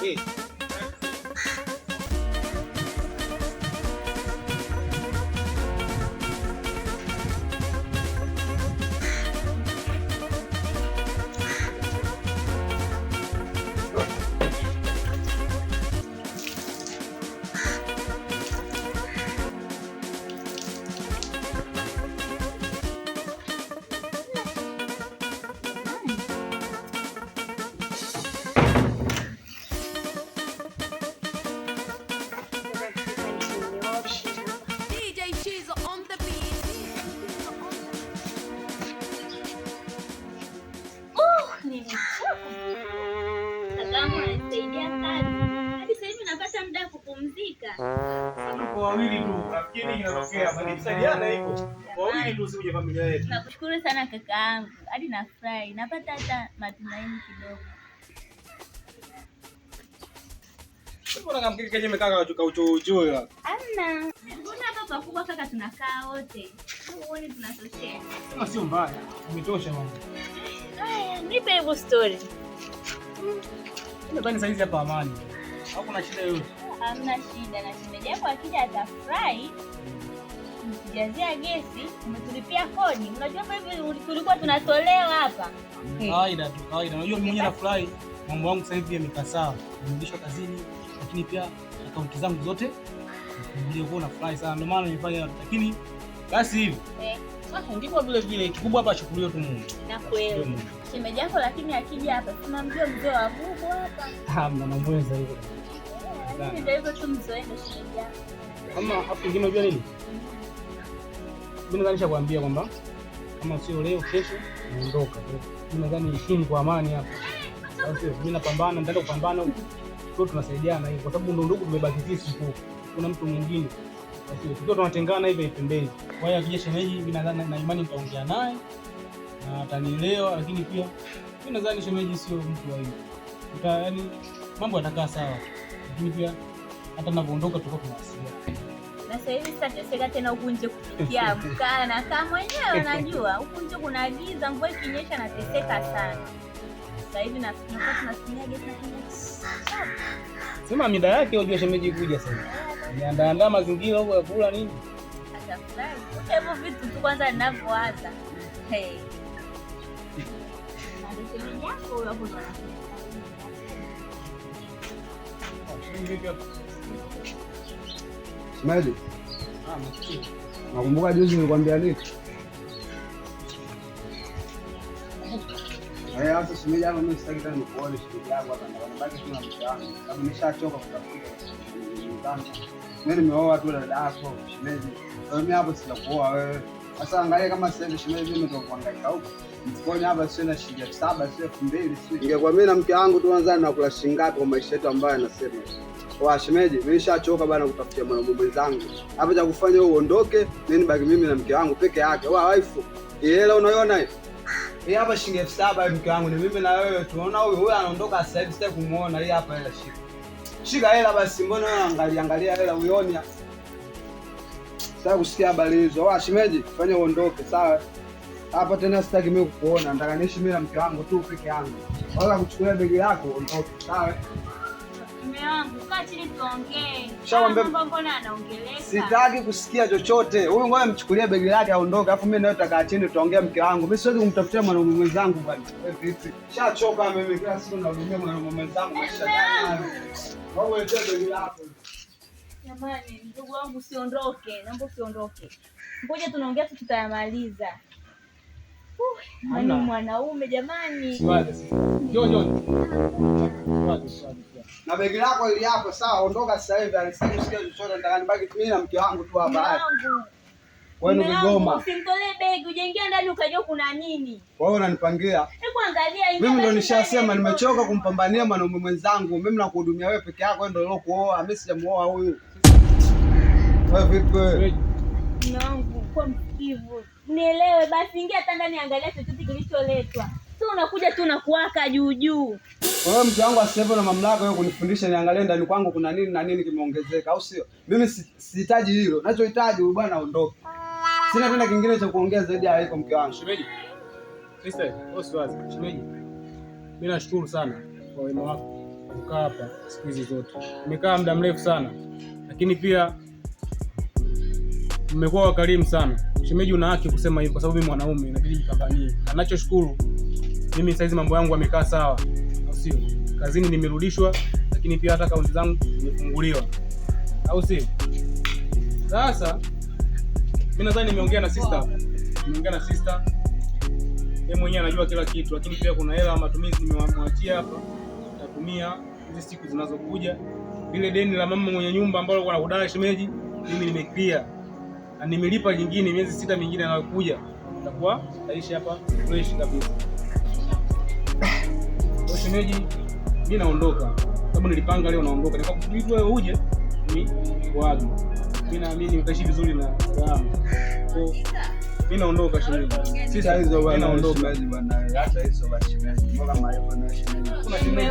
Peace. Nakushukuru sana kaka yangu, hadi nafurahi, napata hata matumaini kidogo. Hamna, mbona hapa pakubwa kaka, tunakaa wote, uone tunatosea. Sio mbaya, umetosha mama. Nipe hiyo story. Nadhani saizi hapa amani, hakuna shida yoyote hamna shida, na shemeji yako akija atafurahi. Mkijazia gesi, umetulipia kodi. Unajua hivi tulikuwa tunatolewa hapa kawaida tu, kawaida. Unajua mimi mwenyewe nafurahi, mambo yangu sasa hivi yamekaa sawa, nimerudishwa kazini, lakini pia akaunti zangu zote nilikuwa nafurahi sana, ndio maana nimefanya, lakini basi hivi eh. sasa ndipo vile vile kikubwa hapa shukuriwe tu Mungu. Na kweli. Shemeji yako lakini akija hapa tunamjua mzee wa Mungu hapa. Ah, mnamweza hiyo kama kingine unajua nini? Mimi nadhani nishakwambia kwamba kama sio leo kesho naondoka. Mimi nadhani ishini kwa amani hapa. Sasa mimi napambana, nitaenda kupambana huko. tunasaidiana hivi kwa sababu ndo ndugu tumebaki sisi huko. Kuna mtu mwingine. Sasa tukiwa tunatengana hivi pembeni. Kwa hiyo akija shemeji mimi nadhani na imani nitaongea naye na atanielewa, lakini pia mimi nadhani shemeji sio mtu wa hivi. Yaani mambo yatakaa sawa lakini pia hata navyoondoka tulikuwa tunawasiliana. Na sasa hivi sasa teseka tena huku nje kupitia mkaa na kama mwenyewe unajua huku nje kuna giza, mvua ikinyesha na teseka sana. Sasa hivi na tunatumia gesi sema mida yake unajua shemeji kuja sasa. Niandaandaa mazingira huko ya kula nini? Atafurahi. vitu tu kwanza ninavyoanza. Hey. Ismail, nakumbuka juzi nilikwambia nini? Nimeoa tu dada yako, hapo sitakuoa wewe. Sasa angalia kama sasa hivi shemeji imetoka kuhangaika huko. Mfukoni hapa sio na shilingi elfu saba, sio elfu mbili, sio. Ingekuwa na mke wangu tu anza na kula shilingi ngapi kwa maisha yetu ambayo anasema. Kwa shemeji, mimi nishachoka bana kutafutia mwanaume mwenzangu. Hapo cha kufanya wewe uondoke, mimi nibaki mimi na mke wangu peke yake. Wa wife. Hela unaiona hiyo? Hii hapa shilingi elfu saba mke wangu ni mimi na wewe tunaona huyu huyu anaondoka sasa hivi sitaki kumuona. Hii hapa hela shika. Shika hela basi mbona angalia angalia hela uione sitaki kusikia habari hizo. Wa shimeji, fanya uondoke, sawa? Hapa tena sitaki mimi kukuona, nataka niishi mimi na mke wangu tu peke yangu. Wala kuchukulia begi lako uondoke, sawa? Sitaki kusikia chochote. Huyu ngoja mchukulie begi lake aondoke, afu mimi nawe tutakaa chini tutaongea mke wangu. Mimi siwezi kumtafutia mwanaume mwenzangu bwana. Eh, Shachoka mimi kila siku na mwanaume mwenzangu. Wewe, letea begi lako. Jamani, ndugu wangu usiondoke, naomba usiondoke. Ngoja tunaongea tu tutayamaliza. Mani mwanaume jamani. Na begi lako ili hapo sawa, ondoka sasa hivi, alisema usikie chochote, nataka nibaki mimi na mke wangu tu hapa. Kwani Kigoma. Usimtolee begi, ujaingia ndani ukajua kuna nini. Kwa hiyo unanipangia. Hebu angalia hivi. Mimi ndo nishasema nimechoka kumpambania mwanaume mwenzangu. Mimi nakuhudumia wewe peke yako, wewe ndo uliokuoa, mimi sijamuoa huyu. Mungu kwa msikivu, nielewe basi. Ingia hata ndani, angalia chochote kilicholetwa. Si unakuja tu unakuwaka juu juu. Wewe mtu wangu asivyo na mamlaka wewe kunifundisha niangalie ndani kwangu kuna nini na nini kimeongezeka, au sio? Mimi sihitaji hilo, nachohitaji huyu bwana aondoke. Sina tena kingine cha kuongea zaidi ya hiko, mke wangu. Shemeji, mimi nashukuru sana kwa wema wako kukaa hapa siku hizi zote. Nimekaa muda mrefu sana, lakini pia mmekuwa wakarimu sana. Shemeji, una haki kusema hivyo, kwa sababu mimi mwanaume inabidi nipambanie. Anachoshukuru mimi saizi mambo yangu yamekaa sawa, au sio? Kazini nimerudishwa, lakini pia hata kaunti zangu zimefunguliwa, au sio? Sasa mimi nadhani nimeongea na sister, nimeongea na sister yeye mwenyewe anajua kila kitu, lakini pia kuna hela matumizi nimemwachia hapa, nitatumia hizi siku zinazokuja. Lile deni la mama mwenye nyumba ambalo alikuwa anakudai shemeji, mimi nimeclear na nimelipa lingine miezi sita mingine anayokuja takuwa taishi hapa fresh kabisa. Shemeji, mi naondoka sababu nilipanga leo naondoka, nikakusudia uje ni waage. mi naamini utaishi vizuri na salamu mimi naondoka shemeji. Sisi hizo bwana, naondoka bwana, hata hizo mashemeji. Mbona maana bwana shemeji? Kuna shemeji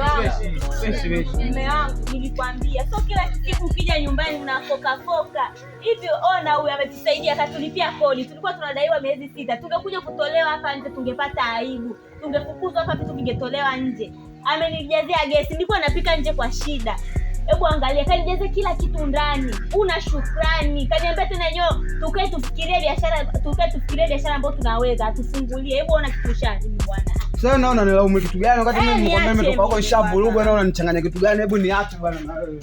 fresh fresh. Mume wangu nilikwambia, sio kila siku ukija nyumbani unafoka foka. Hivyo ona huyu ametusaidia akatulipia kodi. Tulikuwa tunadaiwa miezi sita. Tungekuja kutolewa hapa nje tungepata aibu. Tungefukuzwa hapa vitu vingetolewa nje. Amenijazia gesi. Nilikuwa napika nje kwa shida. Hebu angalia, kanijaza kila kitu ndani, una shukrani. Kaniambia tena nyo, tukae tufikirie biashara, tukae tufikirie biashara ambayo tunaweza atufungulie. Hebu ona kitu shani bwana. Sasa naona kitu gani wakati mimi eh, nimetoka huko nishavurugwa naona unanichanganya kitu gani? Hebu niache bwana na wewe.